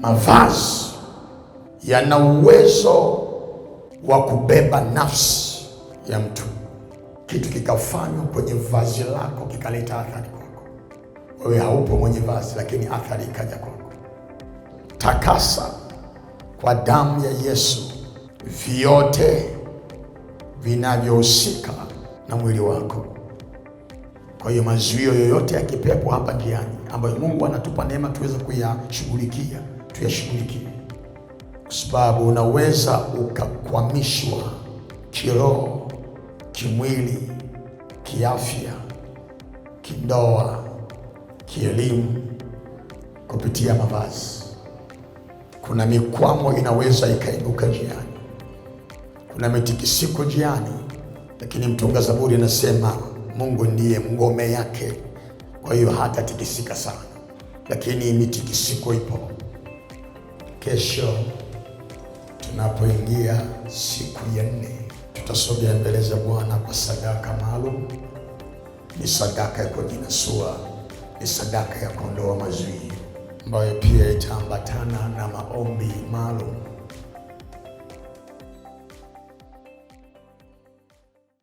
mavazi yana uwezo wa kubeba nafsi ya mtu. Kitu kikafanywa kwenye vazi lako kikaleta athari kwako. Wewe haupo mwenye vazi, lakini athari ikaja kwako. Takasa kwa damu ya Yesu vyote vinavyohusika na mwili wako. Kwa hiyo mazuio yoyote ya kipepo hapa njiani ambayo Mungu anatupa neema tuweze kuyashughulikia tuyashughulikie, kwa sababu unaweza ukakwamishwa kiroho, kimwili, kiafya, kindoa, kielimu kupitia mavazi. Kuna mikwamo inaweza ikaibuka njiani, kuna mitikisiko njiani, lakini mtunga Zaburi anasema Mungu ndiye ngome yake, kwa hiyo hatatikisika sana, lakini mitikisiko ipo. Kesho tunapoingia siku ya nne, tutasogea mbele za Bwana kwa sadaka maalum. Ni sadaka ya kujinasua, ni sadaka ya kuondoa mazuio ambayo pia itaambatana na maombi maalum.